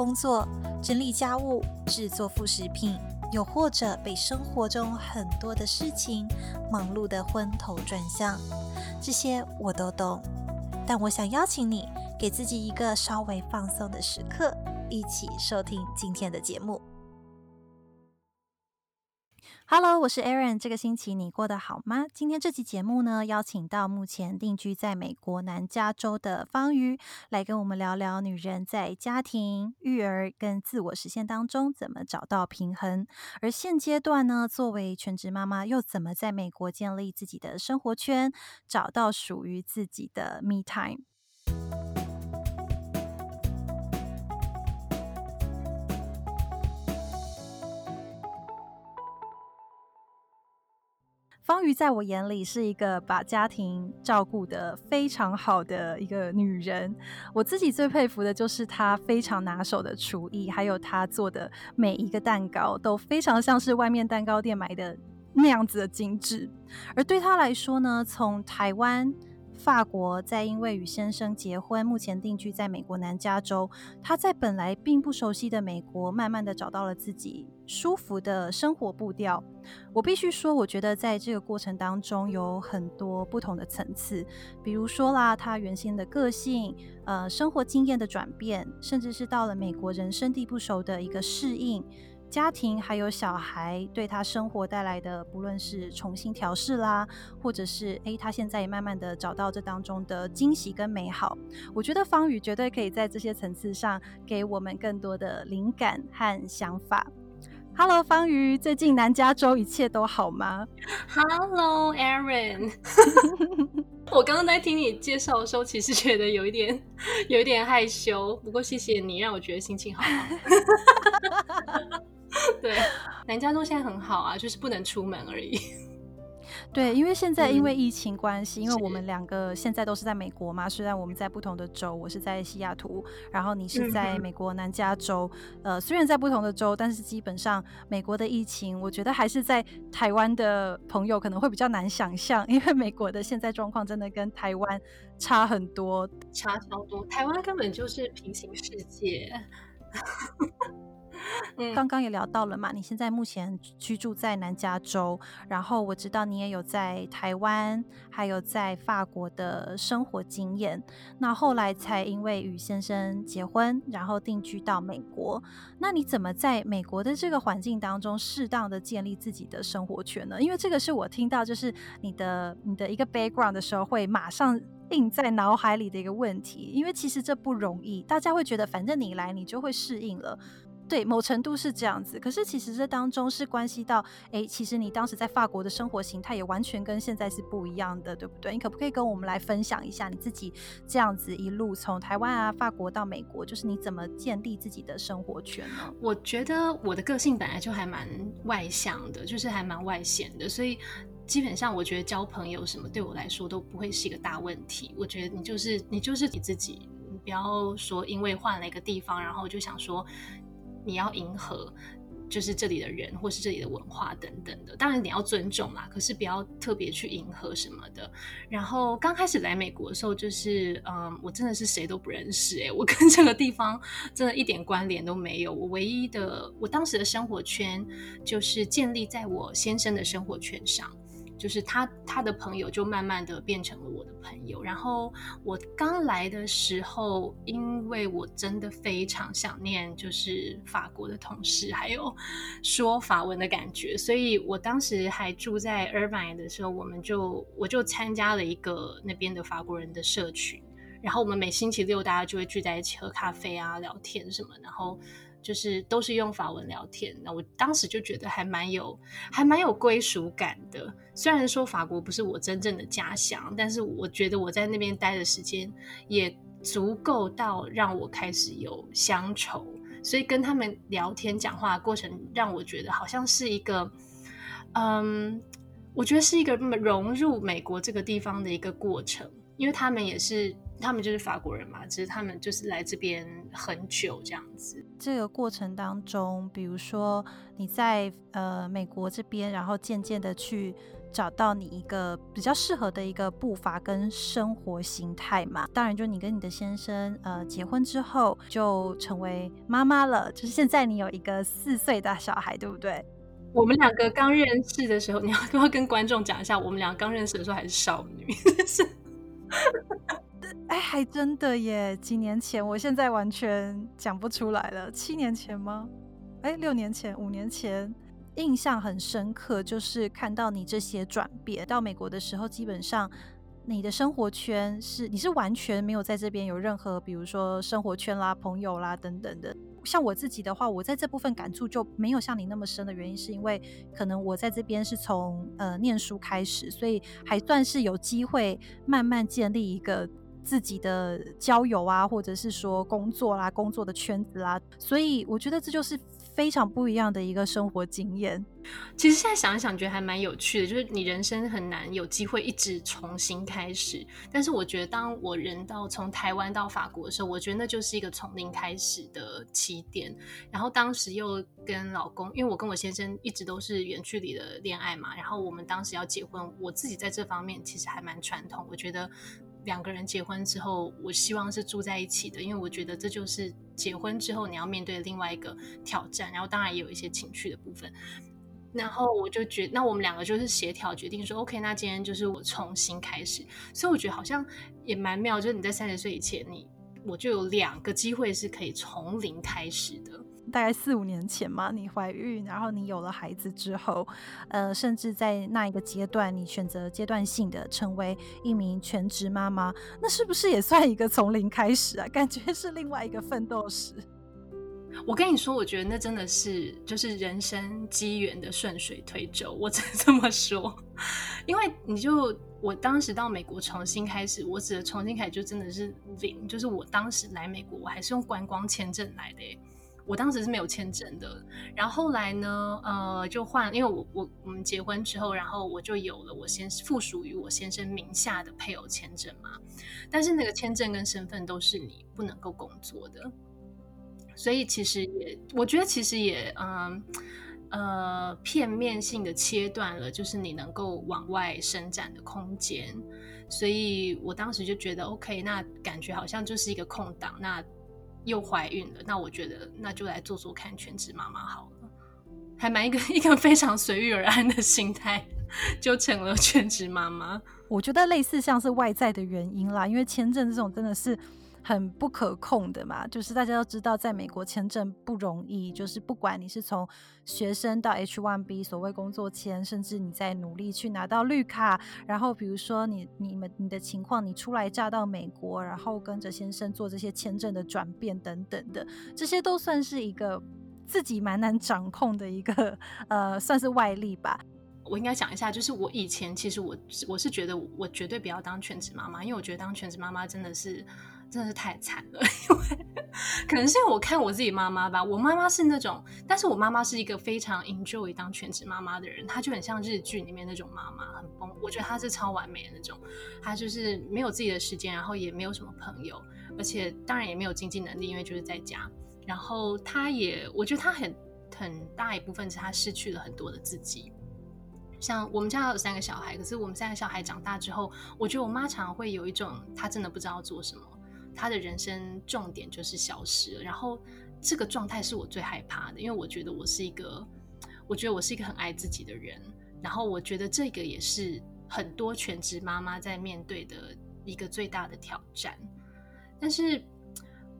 工作、整理家務、製作副食品，又或者被生活中很多的事情忙碌得昏頭轉向，這些我都懂。但我想邀請你，給自己一個稍微放鬆的時刻，一起收聽今天的節目。Hello，我是 Erin。這個星期你過得好嗎？今天這期節目呢，邀請到目前定居在美國南加州的方瑜，來跟我們聊聊女人在家庭、育兒跟自我實現當中怎麼找到平衡，而現階段呢，作為全職媽媽又怎麼在美國建立自己的生活圈，找到屬於自己的 Me Time。方瑜在我眼裡是一個把家庭照顧得非常好的一個女人。我自己最佩服的就是她非常拿手的廚藝，還有她做的每一個蛋糕都非常像是外面蛋糕店買的那樣子的精致。而對她來說呢，從台灣，法國在，因為與先生，生結婚，目前定居在美國南加州。他在本來並不熟悉的美國，慢慢的找到了自己舒服的生活步調。我必須說，我覺得在這個過程當中有很多不同的層次，比如說啦，他原先的個性，呃，生活經驗的轉變，甚至是到了美國人生地不熟的一個適應。家庭還有小孩對他生活帶來的，不論是重新調試啦，或者是欸，他、欸、現在也慢慢的找到這當中的驚喜跟美好。我覺得方宇絕對可以在這些層次上給我們更多的靈感和想法。Hello，方宇，最近南加州一切都好嗎？Hello，Aaron， 我剛剛在聽你介紹的時候，其實覺得有一點有一點害羞，不過謝謝你，讓我覺得心情好。 對，南加州現在很好啊，就是不能出門而已。對，因為現在因為疫情關係，嗯、因為我們兩個現在都是在美國嘛，雖然我們在不同的州，我是在西雅圖，然後你是在美國南加州。嗯、哼呃，雖然在不同的州，但是基本上美國的疫情，我覺得還是在台灣的朋友可能會比較難想象，因為美國的現在狀況真的跟台灣差很多，差很多，差超多。台灣根本就是平行世界。 剛剛也聊到了嘛，你現在目前居住在南加州，然後我知道你也有在台灣，還有在法國的生活經驗，那後來才因為與先生結婚，然後定居到美國。那你怎麼在美國的這個環境當中，適當的建立自己的生活圈呢？因為這個是我聽到就是你的你的一個 background 的時候，會馬上印在腦海裡的一個問題。因為其實這不容易，大家會覺得反正你來，你就會適應了。對，某程度是這樣子，可是其實這當中是關係到，哎，其實你當時在法國的生活形態也完全跟現在是不一樣的，對不對？你可不可以跟我們來分享一下你自己這樣子一路從台灣啊，法國到美國，就是你怎麼建立自己的生活圈呢？我覺得我的個性本來就還蠻外向的，就是還蠻外顯的，所以基本上我覺得交朋友什麼對我來說都不會是一個大問題。我覺得你就是你，就是你自己，你不要說因為換了一個地方，然後就想說。你要迎合，就是這裡的人或是這裡的文化等等的，當然你要尊重啦，可是不要特別去迎合什麼的。然後剛開始來美國的時候，就是嗯，我真的是誰都不認識，欸，哎，我跟這個地方真的一點關聯都沒有。我唯一的，我當時的生活圈就是建立在我先生的生活圈上。就是他他的朋友就慢慢的變成了我的朋友，然後我剛來的時候，因為我真的非常想念就是法國的同事，還有說法文的感覺，所以我當時還住在 Irvine 的時候，我們就我就參加了一個那邊的法國人的社群，然後我們每星期六大家就會聚在一起喝咖啡啊，聊天什麼，然後。就是都是用法文聊天，那我當時就覺得還蠻有還蠻有歸屬感的。雖然說法國不是我真正的家鄉，但是我覺得我在那邊待的時間也足夠到讓我開始有鄉愁。所以跟他們聊天講話的過程，讓我覺得好像是一個，嗯，我覺得是一個融入美國這個地方的一個過程，因為他們也是。他們就是法國人嘛，其實他們就是來這邊很久這樣子。這個過程當中，比如說你在呃美國這邊，然後漸漸的去找到你一個比較適合的一個步伐跟生活形態嘛。當然，就你跟你的先生呃結婚之後，就成為媽媽了。就是現在你有一個四歲的小孩，對不對？我們兩個剛認識的時候，你要不要跟觀眾講一下，我們兩個剛認識的時候還是少女， 哎，還真的耶！幾年前，我現在完全講不出來了。七年前嗎？哎，六年前、五年前，印象很深刻，就是看到你這些轉變。到美國的時候，基本上你的生活圈是你是完全沒有在這邊有任何，比如說生活圈啦、朋友啦等等的。像我自己的話，我在這部分感觸就沒有像你那麼深的原因，是因為可能我在這邊是從呃念書開始，所以還算是有機會慢慢建立一個。自己的交友啊，或者是說工作啦、啊、工作的圈子啦、啊，所以我覺得這就是非常不一樣的一個生活經驗。其實現在想一想，覺得還蠻有趣的，就是你人生很難有機會一直重新開始。但是我覺得，當我人到從台灣到法國的時候，我覺得那就是一個從零開始的起點。然後當時又跟老公，因為我跟我先生一直都是遠距離的戀愛嘛，然後我們當時要結婚，我自己在這方面其實還蠻傳統，我覺得。兩個人結婚之後，我希望是住在一起的，因為我覺得這就是結婚之後你要面對另外一個挑戰。然後當然也有一些情趣的部分。然後我就覺，那我們兩個就是協調決定說，嗯，OK，那今天就是我重新開始。所以我覺得好像也蠻妙，就是你在三十歲以前，你我就有兩個機會是可以從零開始的。大概四五年前嘛，你懷孕，然後你有了孩子之後，呃，甚至在那一個階段，你選擇階段性的成為一名全職媽媽，那是不是也算一個從零開始啊？感覺是另外一個奮鬥史。我跟你說，我覺得那真的是就是人生機緣的順水推舟，我真這麼說。因為你就我當時到美國重新開始，我指的重新開始就真的是零，就是我當時來美國，我還是用觀光簽證來的，欸。我當時是沒有簽證的，然後後來呢，呃，就換，因為我我我們結婚之後，然後我就有了我先附屬於我先生名下的配偶簽證嘛，但是那個簽證跟身份都是你不能夠工作的，所以其實也，我覺得其實也，嗯、呃，呃，片面性的切斷了，就是你能夠往外伸展的空間，所以我當時就覺得，OK，那感覺好像就是一個空檔，那。又懷孕了，那我覺得那就來做做看全職媽媽好了，還蠻一個一個非常隨遇而安的心態，就成了全職媽媽。我覺得類似像是外在的原因啦，因為簽證這種真的是。很不可控的嘛，就是大家都知道，在美國簽證不容易，就是不管你是從學生到 H one B，所謂工作簽，甚至你在努力去拿到綠卡，然後比如說你、你們、你的情況，你初來乍到美國，然後跟着先生做這些簽證的轉變等等的，這些都算是一個自己蠻難掌控的一個呃，算是外力吧。我應該講一下，就是我以前其實我是我是覺得我絕對不要當全職媽媽，因為我覺得當全職媽媽真的是。真的是太慘了，因為可能是因為我看我自己媽媽吧。我媽媽是那種，但是我媽媽是一個非常 enjoy 當全職媽媽的人，她就很像日劇裡面那種媽媽，很崩，我覺得她是超完美的那種，她就是沒有自己的時間，然後也沒有什麼朋友，而且當然也沒有經濟能力，因為就是在家。然後她也，我覺得她很很大一部分是她失去了很多的自己。像我們家還有三個小孩，可是我們三個小孩長大之後，我覺得我媽常常會有一種，她真的不知道做什麼。他的人生重點就是消失了，然後這個狀態是我最害怕的，因為我覺得我是一個，我覺得我是一個很愛自己的人，然後我覺得這個也是很多全職媽媽在面對的一個最大的挑戰。但是，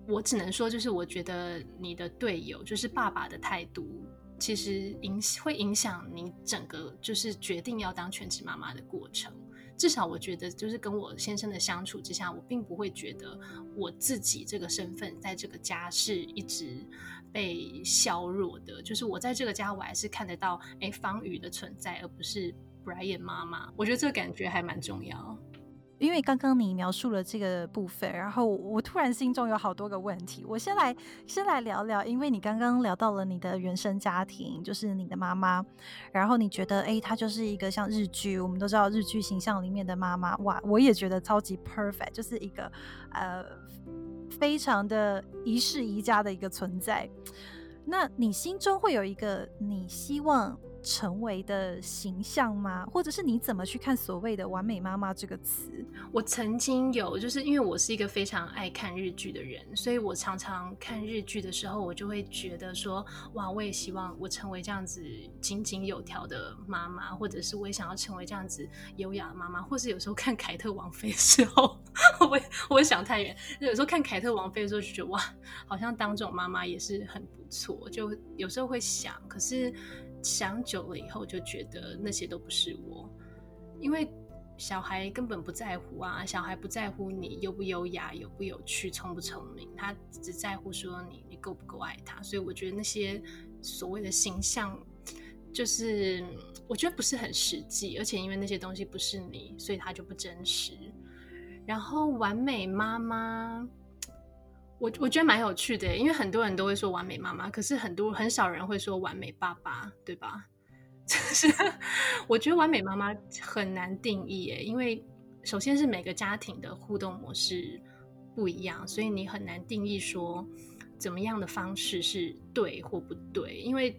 我只能說，就是我覺得你的隊友，就是爸爸的態度，其實影會影響你整個，就是決定要當全職媽媽的過程。至少我覺得，就是跟我先生的相處之下，我並不會覺得我自己這個身份在這個家是一直被削弱的。就是我在這個家，我還是看得到誒方宇的存在，而不是 Brian 媽媽。我覺得這個感覺還蠻重要。因為剛剛你描述了這個部分，然後我，我突然心中有好多個問題。我先來先來聊聊，因為你剛剛聊到了你的原生家庭，就是你的媽媽，然後你覺得，哎、欸，她就是一個像日劇，我們都知道日劇形象裡面的媽媽，哇，我也覺得超級 perfect，就是一個呃非常的宜室宜家的一個存在。那你心中會有一個你希望成為的形象嗎？或者是你怎麼去看所謂的“完美媽媽”這個詞？我曾經有，就是因為我是一個非常愛看日劇的人，所以我常常看日劇的時候，我就會覺得說：“哇，我也希望我成為這樣子井井有條的媽媽，或者是我也想要成為這樣子優雅的媽媽。”或是有時候看凱特王妃的時候，我會我會想太遠。有時候看凱特王妃的時候，就覺得哇，好像當這種媽媽也是很不錯。就有時候會想，可是。想久了以後就覺得那些都不是我，因為小孩根本不在乎啊，小孩不在乎你優不優雅、有不有趣、聰不聰明，他只在乎說你你夠不夠愛他。所以我覺得那些所謂的形象，就是我覺得不是很實際，而且因為那些東西不是你，所以他就不真實。然後完美媽媽。我我覺得蠻有趣的，因為很多人都會說完美媽媽，可是很多很少人會說完美爸爸，對吧？就 是我覺得完美媽媽很難定義，因為首先是每個家庭的互動模式不一樣，所以你很難定義說怎麼樣的方式是對或不對，因為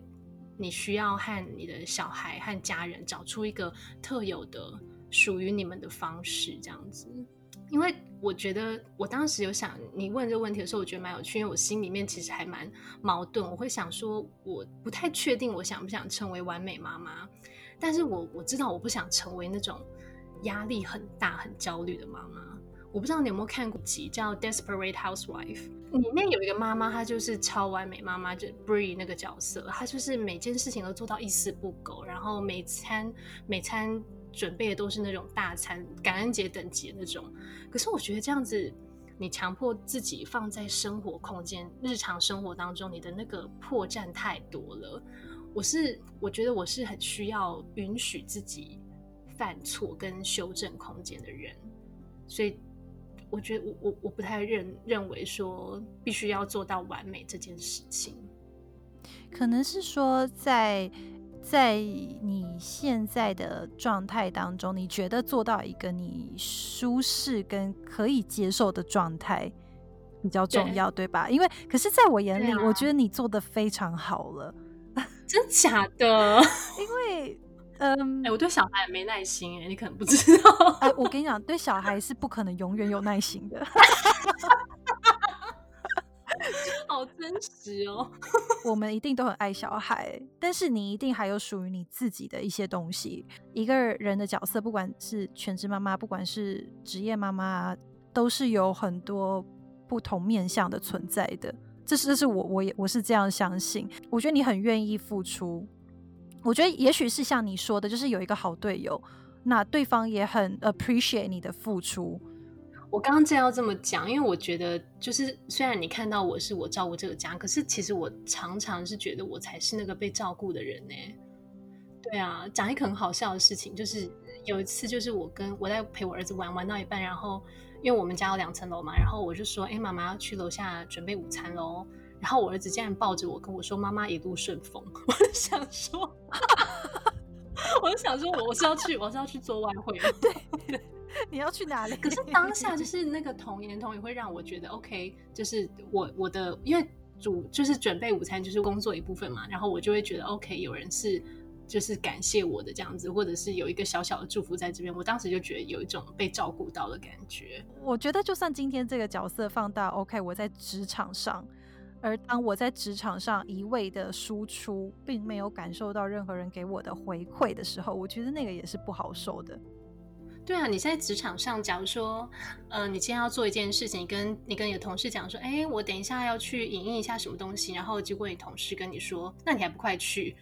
你需要和你的小孩和家人找出一個特有的屬於你們的方式，這樣子。因為我覺得，我當時有想你問這個問題的時候，我覺得蠻有趣，因為我心裡面其實還蠻矛盾。我會想說，我不太確定我想不想成為完美媽媽，但是我我知道我不想成為那種壓力很大、很焦慮的媽媽。我不知道你有沒有看過幾集叫《Desperate Housewife》，裡面有一個媽媽，她就是超完美媽媽，就 Bree 那個角色，她就是每件事情都做到一絲不苟，然後每餐每餐。準備的都是那種大餐，感恩節等級那種。可是我覺得這樣子，你強迫自己放在生活空間、日常生活當中，你的那個破綻太多了。我是，我覺得我是很需要允許自己犯錯跟修正空間的人，所以我覺得我我我不太認認為說必須要做到完美這件事情，可能是說在。在你現在的狀態當中，你覺得做到一個你舒適跟可以接受的狀態比較重要，對，對吧？因為可是在我眼裡，啊、我覺得你做得非常好了，真假的？ 因為嗯、欸，我對小孩沒耐心，你可能不知道、 呃。我跟你講，對小孩是不可能永遠有耐心的。 好真實哦！ 我們一定都很愛小孩，但是你一定還有屬於你自己的一些東西。一個人的角色，不管是全職媽媽，不管是職業媽媽，都是有很多不同面向的存在的。這是，這是我，我也，我是這樣相信。我覺得你很願意付出。我覺得，也許是像你說的，就是有一個好隊友，那對方也很 appreciate 你的付出。我剛剛正要這麼講，因為我覺得就是雖然你看到我是我照顧這個家，可是其實我常常是覺得我才是那個被照顧的人呢。對啊，講一個很好笑的事情，就是有一次就是我跟我在陪我兒子玩，玩到一半，然後因為我們家有兩層樓嘛，然後我就說：“哎、欸，媽媽要去樓下準備午餐嘍。”然後我兒子竟然抱着我跟我說：“媽媽一路順風。”我就想說， 我就想說，我是要去，我是要去做外匯。 對對你要去哪裡？可是當下就是那個童言、童語會讓我覺得 OK，就是我我的，因為煮，就是準備午餐就是工作一部分嘛，然後我就會覺得 OK，有人是就是感謝我的這樣子，或者是有一個小小的祝福在這邊，我當時就覺得有一種被照顧到的感覺。我覺得就算今天這個角色放大 OK，我在職場上，而當我在職場上一味的輸出，並沒有感受到任何人給我的回饋的時候，我覺得那個也是不好受的。對啊，你在職場上，假如說，呃，你今天要做一件事情，你跟你跟你的同事講說，哎，我等一下要去影印一下什麼東西，然後結果你同事跟你說，那你還不快去，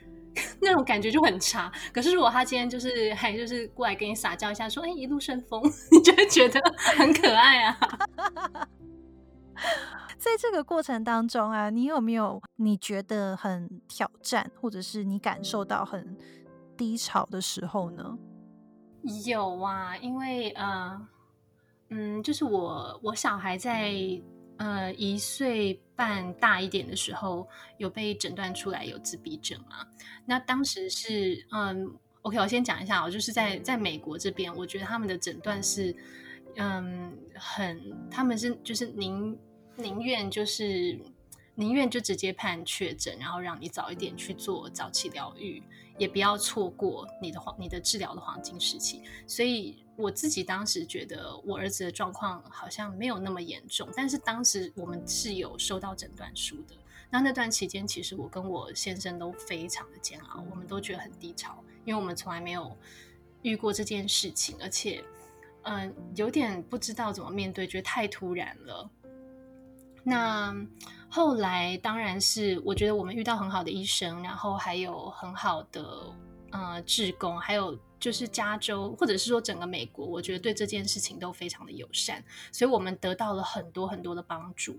那種感覺就很差。可是如果他今天就是還就是過來跟你撒嬌一下，說，哎，一路順風，你就會覺得很可愛啊。 在這個過程當中啊，你有沒有你覺得很挑戰，或者是你感受到很低潮的時候呢？有啊，因為呃，嗯，就是我我小孩在呃一歲半大一點的時候有被診斷出來有自閉症嘛。那當時是嗯，OK，我先講一下，我就是在在美國這邊，我覺得他們的診斷是，嗯，很，他們是就是寧寧願就是。寧願就直接判確診，然後讓你早一點去做早期療愈，也不要錯過你的黃、你的治療的黃金時期。所以我自己當時覺得我兒子的狀況好像沒有那麼嚴重，但是當時我們是有收到診斷書的。那那段期間，其實我跟我先生都非常的煎熬，我們都覺得很低潮，因為我們從來沒有遇過這件事情，而且，嗯，有點不知道怎麼面對，覺得太突然了。那。後來當然是，我覺得我們遇到很好的醫生，然後還有很好的呃志工，還有就是加州或者是說整個美國，我覺得對這件事情都非常的友善，所以我們得到了很多很多的幫助，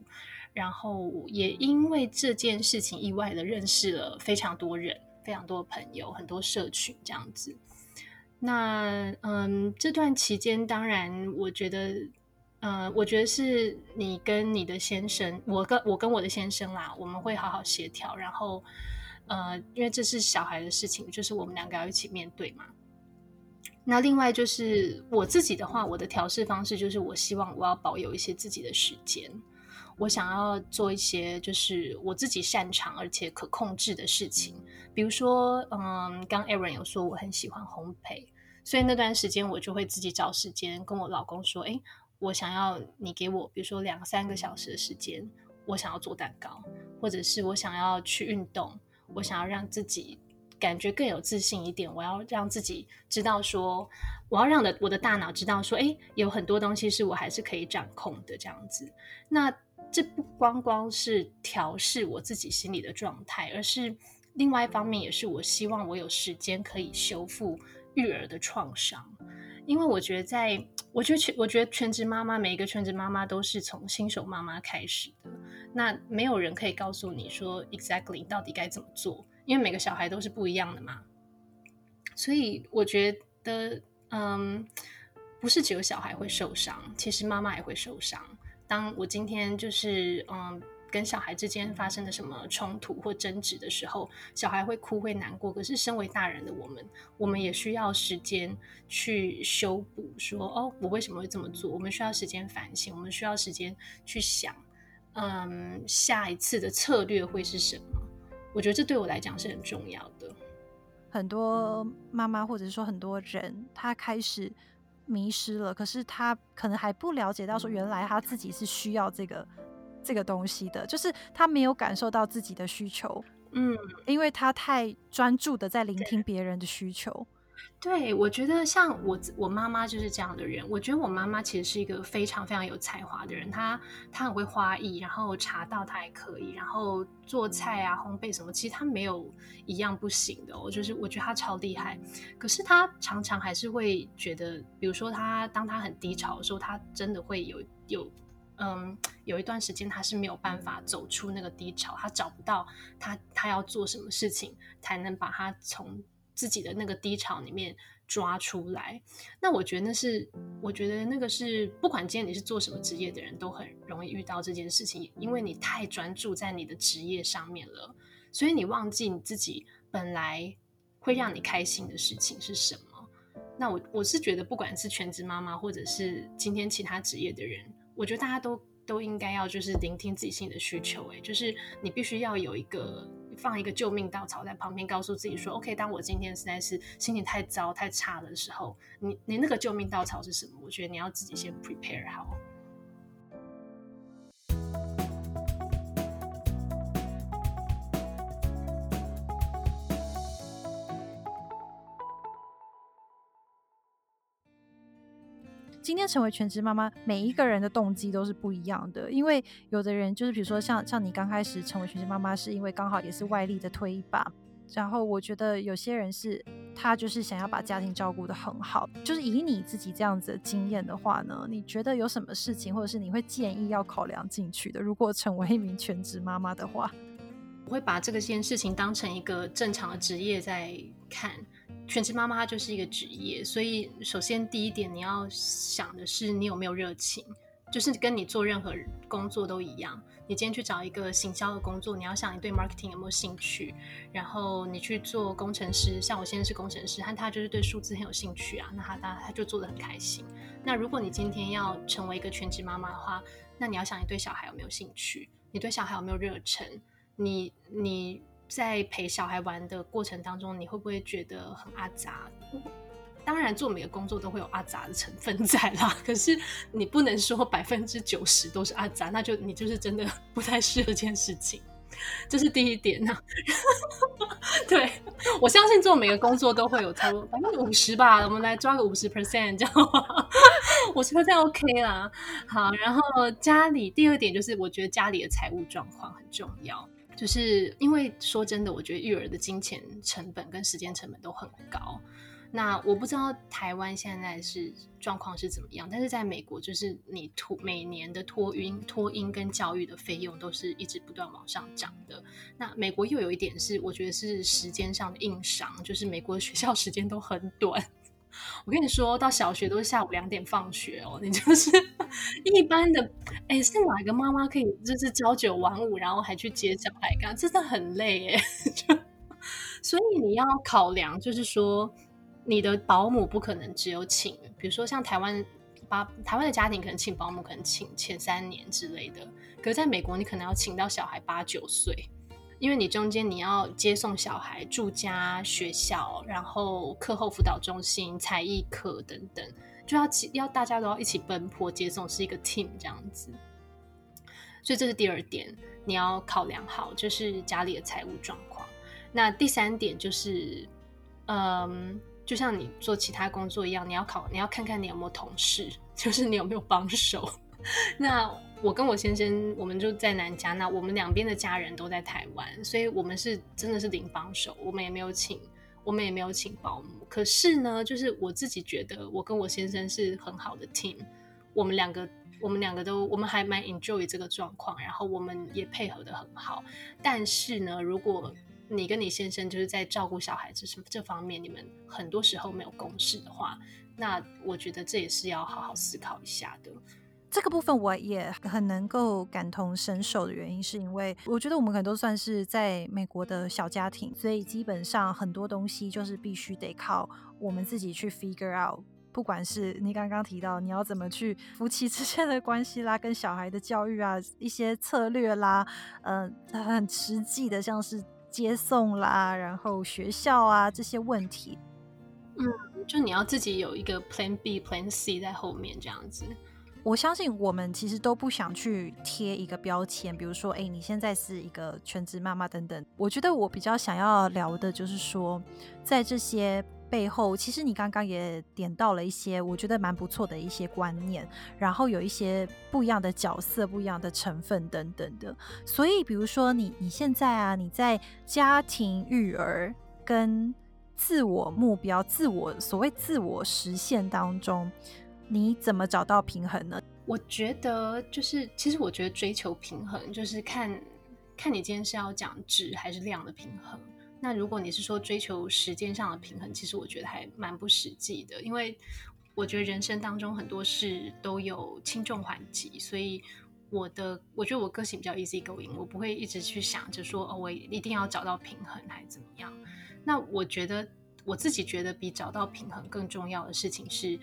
然後也因為這件事情意外的認識了非常多人，非常多的朋友，很多社群這樣子。那嗯，這段期間當然我覺得。呃，我覺得是你跟你的先生，我跟我跟我的先生啦，我們會好好協調。然後，呃，因為這是小孩的事情，就是我們兩個要一起面對嘛。那另外就是我自己的話，我的調試方式就是，我希望我要保有一些自己的時間，我想要做一些就是我自己擅長而且可控制的事情，嗯、比如說，嗯，剛 Erin 有說我很喜歡烘焙，所以那段時間我就會自己找時間跟我老公說，哎。我想要你給我，比如說兩三個小時的時間，我想要做蛋糕，或者是我想要去運動，我想要讓自己感覺更有自信一點，我要讓自己知道說，我要讓的我的大腦知道說，哎，有很多東西是我還是可以掌控的這樣子。那這不光光是調適我自己心理的狀態，而是另外一方面也是我希望我有時間可以修復育兒的創傷。因為我覺得在，在我覺得全我覺得全職媽媽，每一個全職媽媽都是從新手媽媽開始的。那沒有人可以告訴你說，exactly 到底該怎麼做，因為每個小孩都是不一樣的嘛。所以我覺得，嗯，不是只有小孩會受傷，其實媽媽也會受傷。當我今天就是，嗯。跟小孩之間發生了什麼衝突或爭執的時候，小孩會哭會難過。可是身為大人的我們，我們也需要時間去修補。說哦，我為什麼會這麼做？我們需要時間反省，我們需要時間去想，嗯，下一次的策略會是什麼？我覺得這對我來講是很重要的。很多媽媽或者說很多人，他開始迷失了，可是他可能還不了解到說，原來他自己是需要這個。這個東西的，就是他沒有感受到自己的需求，嗯，因為他太專注地在聆聽別人的需求。對，對，我覺得像我我媽媽就是這樣的人。我覺得我媽媽其實是一個非常非常有才華的人，她她很會花藝，然後茶道她還可以，然後做菜啊、嗯、烘焙什麼，其實她沒有一樣不行的，哦。我就是我覺得她超厲害，可是她常常還是會覺得，比如說她當她很低潮的時候，她真的會有有。嗯，有一段時間他是沒有辦法走出那個低潮，他找不到他他要做什麼事情才能把他從自己的那個低潮裡面抓出來。那我覺得那是，我覺得那個是不管今天你是做什麼職業的人都很容易遇到這件事情，因為你太專注在你的職業上面了，所以你忘記你自己本來會讓你開心的事情是什麼。那我我是覺得，不管是全職媽媽，或者是今天其他職業的人。我覺得大家都都應該要就是聆聽自己心裡的需求、欸，誒，就是你必須要有一個放一個救命稻草在旁邊，告訴自己說，OK，當我今天實在是心情太糟太差的時候，你你那個救命稻草是什麼？我覺得你要自己先 prepare 好。今天成為全職媽媽，每一個人的動機都是不一樣的。因為有的人就是，比如說像像你剛開始成為全職媽媽，是因為剛好也是外力的推一把。然後我覺得有些人是他就是想要把家庭照顧得很好。就是以你自己這樣子的經驗的話呢，你覺得有什麼事情或者是你會建議要考量進去的？如果成為一名全職媽媽的話，我會把這個件事情當成一個正常的職業在看。全職媽媽就是一個職業，所以首先第一點，你要想的是你有沒有熱情，就是跟你做任何工作都一樣。你今天去找一個行銷的工作，你要想你對 marketing 有沒有興趣；然後你去做工程師，像我現在是工程師，和他就是對數字很有興趣啊，那他他他就做得很開心。那如果你今天要成為一個全職媽媽的話，那你要想你對小孩有沒有興趣，你對小孩有沒有熱忱，你你。在陪小孩玩的過程當中，你會不會覺得很阿雜？當然，做每個工作都會有阿雜的成分在啦。可是你不能說百分之九十都是阿雜，那就你就是真的不太適合這件事情。這是第一點，啊。 對我相信做每個工作都會有超過百分之五十吧，我們來抓個五十 percent，這樣的話我說這樣 OK 啦，啊？好，然後家裡第二點就是，我覺得家裡的財務狀況很重要。就是因為說真的，我覺得育兒的金錢成本跟時間成本都很高。那我不知道台灣現在是狀況是怎麼樣，但是在美國，就是你托每年的托嬰，托嬰跟教育的費用都是一直不斷往上漲的。那美國又有一點是，我覺得是時間上的硬傷，就是美國的學校時間都很短。我跟你說到小學都是下午兩點放學哦，你就是一般的，哎，是哪個媽媽可以就是朝九晚五，然後還去接小孩幹？真的很累耶，就所以你要考量，就是說你的保姆不可能只有請，比如說像台灣台灣的家庭可能請保姆可能請前三年之類的，可是在美國你可能要請到小孩八九歲。因為你中間你要接送小孩住家學校，然後課後輔導中心、才藝課等等，就要要大家都要一起奔波接送，是一個 team 這樣子。所以這是第二點，你要考量好就是家裡的財務狀況。那第三點就是，嗯，就像你做其他工作一樣，你要考你要看看你有沒有同事，就是你有沒有幫手。 那我跟我先生，我們就在南加那，我們兩邊的家人都在台灣，所以我們是真的是零幫手，我們也沒有請，我們也沒有請保姆。可是呢，就是我自己覺得，我跟我先生是很好的 team，我們兩個，我們兩個都，我們還蠻 enjoy 這個狀況，然後我們也配合得很好。但是呢，如果你跟你先生就是在照顧小孩子什麼這方面，你們很多時候沒有共識的話，那我覺得這也是要好好思考一下的。這個部分我也很能夠感同身受的原因，是因為我覺得我們可能都算是在美國的小家庭，所以基本上很多東西就是必須得靠我們自己去 figure out。不管是你剛剛提到你要怎麼去夫妻之間的關係啦，跟小孩的教育啊，一些策略啦，嗯、呃，很實際的像是接送啦，然後學校啊這些問題，嗯，就你要自己有一個 plan B、plan C 在後面這樣子。我相信我們其實都不想去貼一個標籤，比如說，哎、欸，你現在是一個全職媽媽等等。我覺得我比較想要聊的就是說，在這些背後，其實你剛剛也點到了一些我覺得蠻不錯的一些觀念，然後有一些不一樣的角色、不一樣的成分等等的。所以，比如說你你現在啊，你在家庭育兒跟自我目標、自我所謂自我實現當中。你怎麼找到平衡呢？我覺得就是，其實我覺得追求平衡就是看看你今天是要講質還是量的平衡。那如果你是說追求時間上的平衡，其實我覺得還蠻不實際的，因為我覺得人生當中很多事都有輕重緩急。所以我的，我覺得我個性比較 easy going，我不會一直去想着說哦，我一定要找到平衡還是怎麼樣。那我覺得我自己覺得比找到平衡更重要的事情是。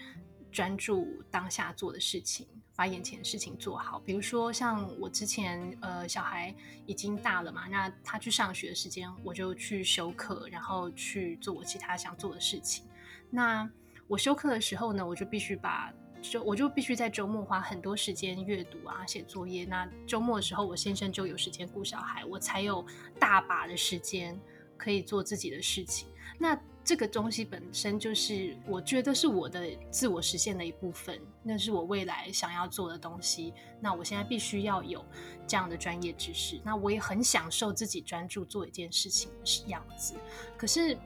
專注當下做的事情，把眼前的事情做好。比如說，像我之前，呃，小孩已經大了嘛，那他去上學的時間，我就去修課，然後去做我其他想做的事情。那我修課的時候呢，我就必須把，周，我就必須在週末花很多時間閱讀啊，寫作業。那週末的時候，我先生就有時間顧小孩，我才有大把的時間可以做自己的事情。那這個東西本身就是，我覺得是我的自我實現的一部分，那是我未來想要做的東西。那我現在必須要有這樣的專業知識。那我也很享受自己專注做一件事情的樣子。可是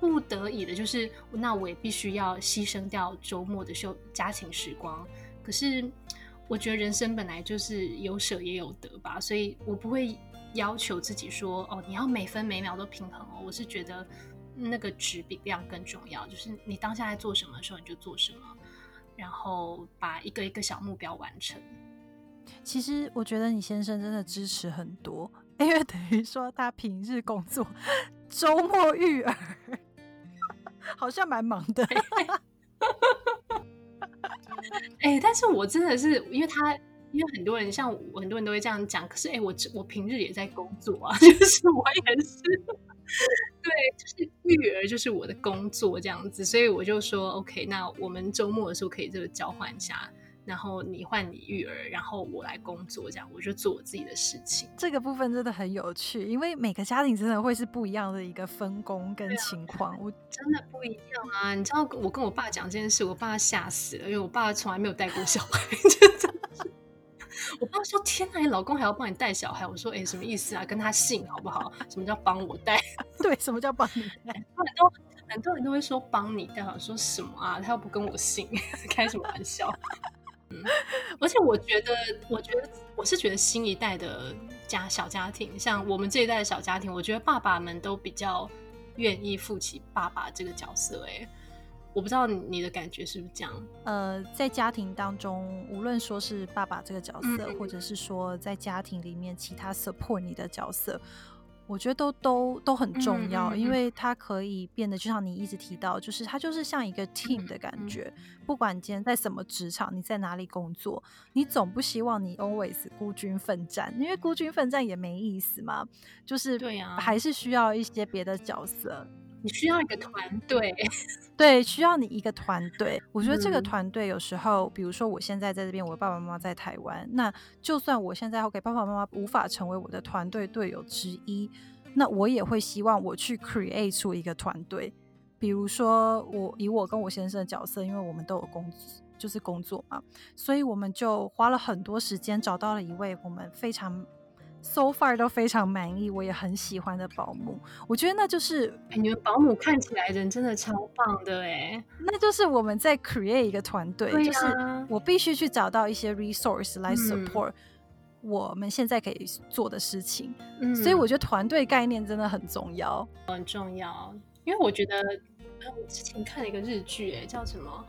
不得已的，就是那我也必須要犧牲掉周末的休家庭時光。可是我覺得人生本來就是有捨也有得吧，所以我不會要求自己說，哦，你要每分每秒都平衡哦。我是覺得。那個質比量更重要，就是你當下在做什麼的時候，你就做什麼，然後把一個一個小目標完成。其實我覺得你先生真的支持很多，因為等於說他平日工作，周末育兒，好像蠻忙的、 欸。但是我真的是因為他，因為很多人像我，很多人都會這樣講，可是、欸、我我平日也在工作啊，就是我也是。 對，就是育兒，就是我的工作這樣子，所以我就說，OK，那我們周末的時候可以就交換一下，然後你換你育兒，然後我來工作，這樣我就做我自己的事情。這個部分真的很有趣，因為每個家庭真的會是不一樣的一個分工跟情況，啊、我真的不一樣啊！你知道，我跟我爸講這件事，我爸嚇死了，因為我爸從來沒有帶過小孩，真的。我爸說：“天啊，你老公還要幫你帶小孩？”我說：“哎、欸，什麼意思啊？跟他姓好不好？什麼叫幫我帶？ 對，什麼叫幫你帶？很多人都很多人都會說幫你帶好，好像說什麼啊？他又不跟我姓，開什麼玩笑？嗯，而且我覺得，我覺得我是覺得新一代的家小家庭，像我們這一代的小家庭，我覺得爸爸們都比較願意負起爸爸這個角色、欸，哎。”我不知道你的感覺是不是這樣？呃，在家庭當中，無論說是爸爸這個角色，嗯、或者是說在家庭裡面其他 support 你的角色，我覺得都都都很重要，嗯嗯、因為它可以變得就像你一直提到，就是它就是像一個 team 的感覺。嗯、不管今天在什麼職場，你在哪裡工作，你總不希望你 always 孤軍奮戰，因為孤軍奮戰也沒意思嘛。就是對呀，還是需要一些別的角色。你需要一個團隊，對，需要你一個團隊。我覺得這個團隊有時候，嗯、比如說我現在在這邊，我爸爸媽媽在台灣，那就算我現在要給爸爸媽媽無法成為我的團隊隊友之一，那我也會希望我去 create 出一個團隊。比如說我以我跟我先生的角色，因為我們都有工作就是工作嘛，所以我們就花了很多時間找到了一位我們非常。So far 都非常滿意，我也很喜歡的保姆。我覺得那就是你們保姆看起來人真的超棒的哎，那就是我們在 create 一個團隊，啊、就是我必須去找到一些 resource 來 support、嗯、我們現在可以做的事情。嗯、所以我覺得團隊概念真的很重要，很重要，因為我覺得。啊，我之前看了一個日劇，哎，叫什麼？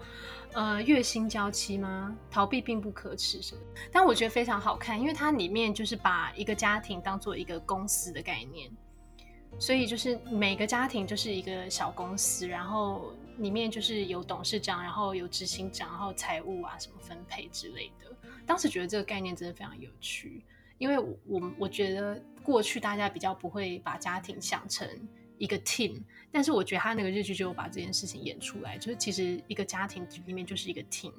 呃，月薪嬌妻嗎？逃避並不可恥，什麼？但我覺得非常好看，因為它裡面就是把一個家庭當做一個公司的概念，所以就是每個家庭就是一個小公司，然後裡面就是有董事長，然後有執行長，然後財務啊什麼分配之類的。當時覺得這個概念真的非常有趣，因為我我,我覺得過去大家比較不會把家庭想成。一個 team，但是我覺得他那個日劇就有把這件事情演出來，就是其實一個家庭裡面就是一個 team，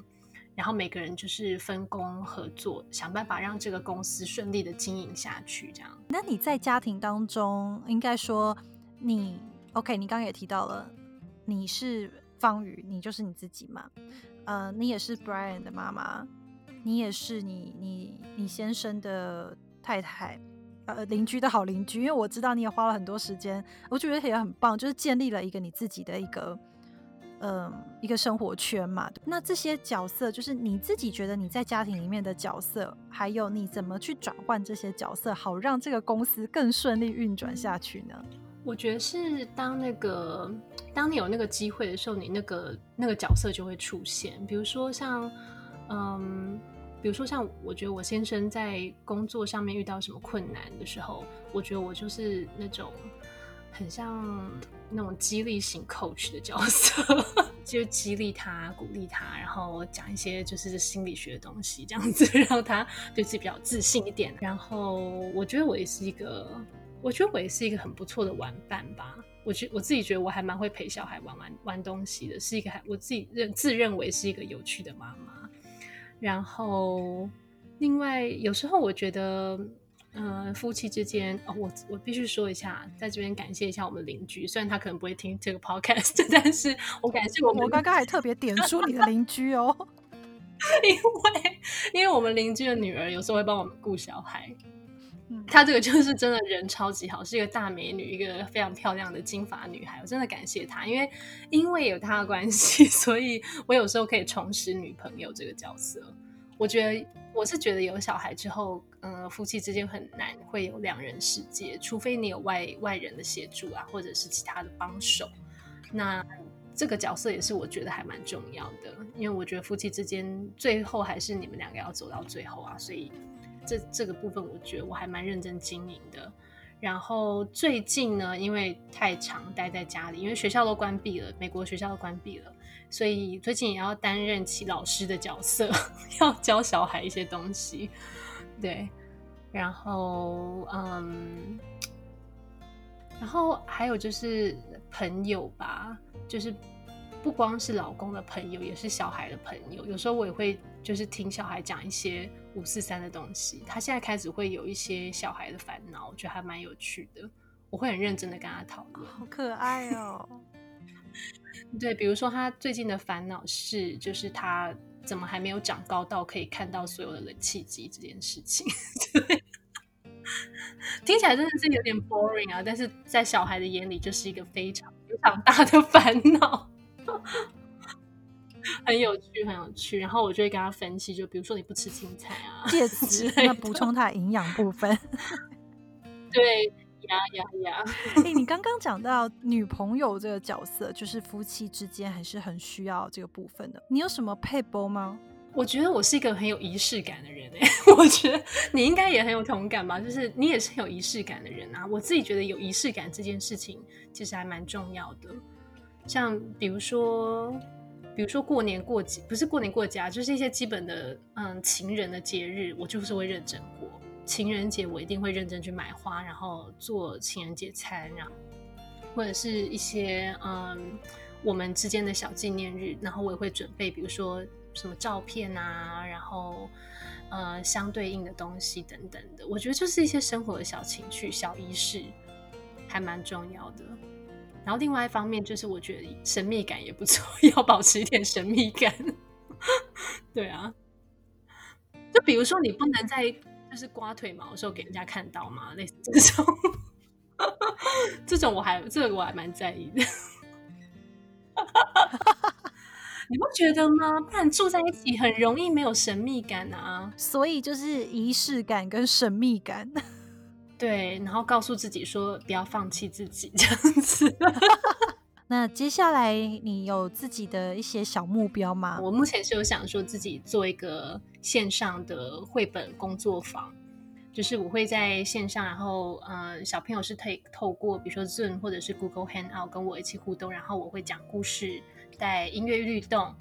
然後每個人就是分工合作，想辦法讓這個公司順利的經營下去。這樣，那你在家庭當中，應該說，你，OK，你剛剛也提到了，你是方宇，你就是你自己嘛，呃，你也是 Brian 的媽媽，你也是你你你先生的太太。呃，鄰居的好鄰居，因為我知道你也花了很多時間，我覺得也很棒，就是建立了一個你自己的一個，嗯、呃，一個生活圈嘛。那這些角色，就是你自己覺得你在家庭裡面的角色，還有你怎麼去轉換這些角色，好讓這個公司更順利運轉下去呢？我覺得是當那個當你有那個機會的時候，你那個那個角色就會出現。比如說像，嗯。比如說，像我覺得我先生在工作上面遇到什麼困難的時候，我覺得我就是那種很像那種激勵型 coach 的角色， 就激勵他、鼓勵他，然後講一些就是心理學的東西，這樣子讓他對自己比較自信一點。然後我覺得我也是一個，我覺得我也是一個很不錯的玩伴吧。我覺我自己覺得我還蠻會陪小孩玩玩玩東西的，是一個還我自己認自認為是一個有趣的媽媽。然後，另外有時候我覺得，嗯，呃，夫妻之間，哦，我我必須說一下，在這邊感謝一下我們鄰居，雖然他可能不會聽這個 podcast，但是我感謝我們，我剛剛還特別點出你的鄰居哦， 因為因為我們鄰居的女兒有時候會幫我們顧小孩。她這個就是真的人超級好，是一個大美女，一個非常漂亮的金髮女孩。我真的感謝她，因為因為有她的關係，所以我有時候可以重拾女朋友這個角色。我覺得我是覺得有小孩之後，呃，夫妻之間很難會有兩人世界，除非你有外外人的協助啊，或者是其他的幫手。那這個角色也是我覺得還蠻重要的，因為我覺得夫妻之間最後還是你們兩個要走到最後啊，所以。這這個部分，我覺得我還蠻認真經營的。然後最近呢，因為太常待在家裡，因為學校都關閉了，美國學校都關閉了，所以最近也要擔任起老師的角色，要教小孩一些東西。對，然後嗯，然後還有就是朋友吧，就是。不光是老公的朋友，也是小孩的朋友。有時候我也會就是聽小孩講一些五四三的東西。他現在開始會有一些小孩的煩惱，我覺得還蠻有趣的。我會很認真的跟他討論。好可愛哦！ 對，比如說他最近的煩惱是，就是他怎麼還沒有長高到可以看到所有的冷氣機這件事情。對， 聽起來真的是有點 boring 啊，但是在小孩的眼裡，就是一個非常非常大的煩惱。 很有趣，很有趣。然後我就會跟他分析，就比如說你不吃青菜啊，借此詞 那補充他營養部分。 對呀呀呀！哎、 欸，你剛剛講到女朋友這個角色，就是夫妻之間還是很需要這個部分的。你有什麼配方嗎？我覺得我是一個很有儀式感的人哎、欸， 我覺得你應該也很有同感吧，就是你也是很有儀式感的人啊。我自己覺得有儀式感這件事情，其實還蠻重要的。像比如說，比如說過年過節，不是過年過節啊，就是一些基本的，嗯，情人的節日，我就是會認真過。情人節我一定會認真去買花，然後做情人節餐，啊。或者是一些，嗯，我們之間的小紀念日，然後我也會準備，比如說什麼照片啊，然後呃，相對應的東西等等的。我覺得就是一些生活的小情趣、小儀式，還蠻重要的。然後另外一方面就是，我覺得神秘感也不錯，要保持一點神秘感。 對啊，就比如說你不能在就是刮腿毛的時候給人家看到嘛，類似這種， 這種我還這個、我還蠻在意的。 你不覺得嗎？不然住在一起很容易沒有神秘感啊。所以就是儀式感跟神秘感。對，然後告訴自己說不要放棄自己這樣子。 那接下來你有自己的一些小目標嗎？我目前是有想說自己做一個線上的繪本工作坊，就是我會在線上，然後、呃、小朋友是可以透過比如說 Zoom 或者是 Google Hangout 跟我一起互動，然後我會講故事。在音樂律動，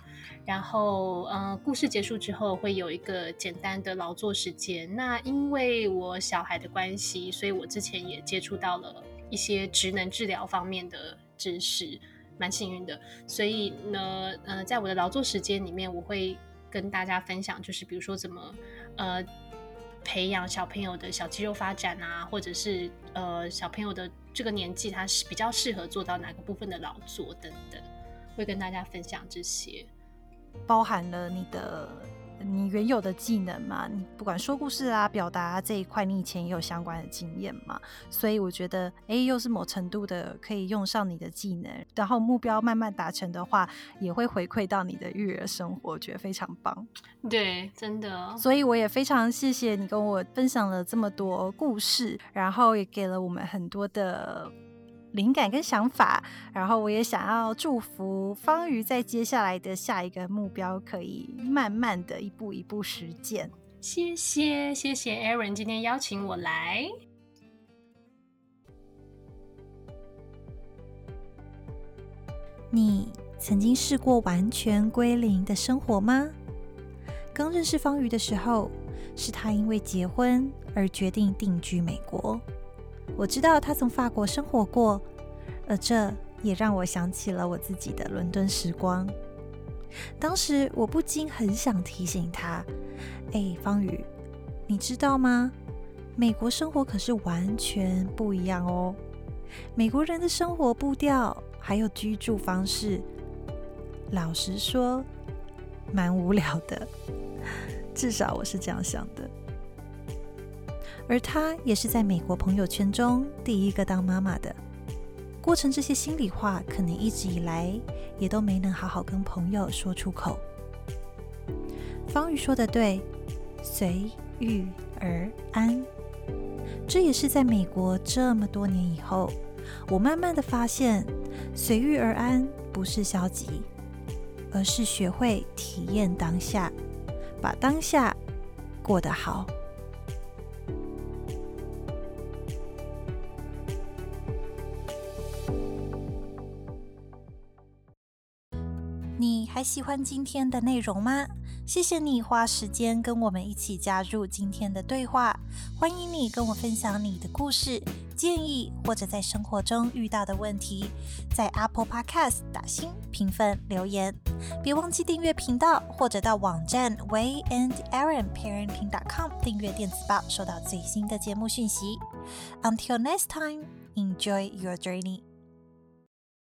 然後呃故事結束之後會有一個簡單的勞作時間。那因為我小孩的關係，所以我之前也接觸到了一些職能治療方面的知識，蠻幸運的。所以呢，呃，在我的勞作時間裡面，我會跟大家分享，就是比如說怎麼呃培養小朋友的小肌肉發展啊，或者是呃小朋友的這個年紀，他是比較適合做到哪個部分的勞作等等。會跟大家分享這些，包含了你的你原有的技能嘛？你不管說故事啊、表達啊、這一塊，你以前也有相關的經驗嘛？所以我覺得，誒，又是某程度的可以用上你的技能，然後目標慢慢達成的話，也會回饋到你的育兒生活，我覺得非常棒。對，真的哦。所以我也非常謝謝你跟我分享了這麼多故事，然後也給了我們很多的。靈感跟想法，然後我也想要祝福方瑜在接下來的下一個目標，可以慢慢的一步一步實踐。謝謝謝謝 Erin 今天邀請我來。你曾經試過完全歸零的生活嗎？剛認識方瑜的時候，是她因為結婚而決定定居美國。我知道他從法國生活過，而這也讓我想起了我自己的倫敦時光。當時我不禁很想提醒他：“哎，方宇，你知道嗎？美國生活可是完全不一樣哦。美國人的生活步調還有居住方式，老實說，蠻無聊的。至少我是這樣想的。”而她也是在美國朋友圈中第一個當媽媽的過程，這些心裡話，可能一直以來也都沒能好好跟朋友說出口。方宇說的對，隨遇而安。這也是在美國這麼多年以後，我慢慢的發現，隨遇而安不是消極，而是學會體驗當下，把當下過得好。喜歡今天的內容嗎？謝謝你花時間跟我們一起加入今天的對話。歡迎你跟我分享你的故事、建議或者在生活中遇到的問題，在 Apple Podcast 打星、評分留言。別忘記訂閱頻道，或者到網站 WeiandErinParenting.com 訂閱電子報，收到最新的節目訊息。Until next time, enjoy your journey.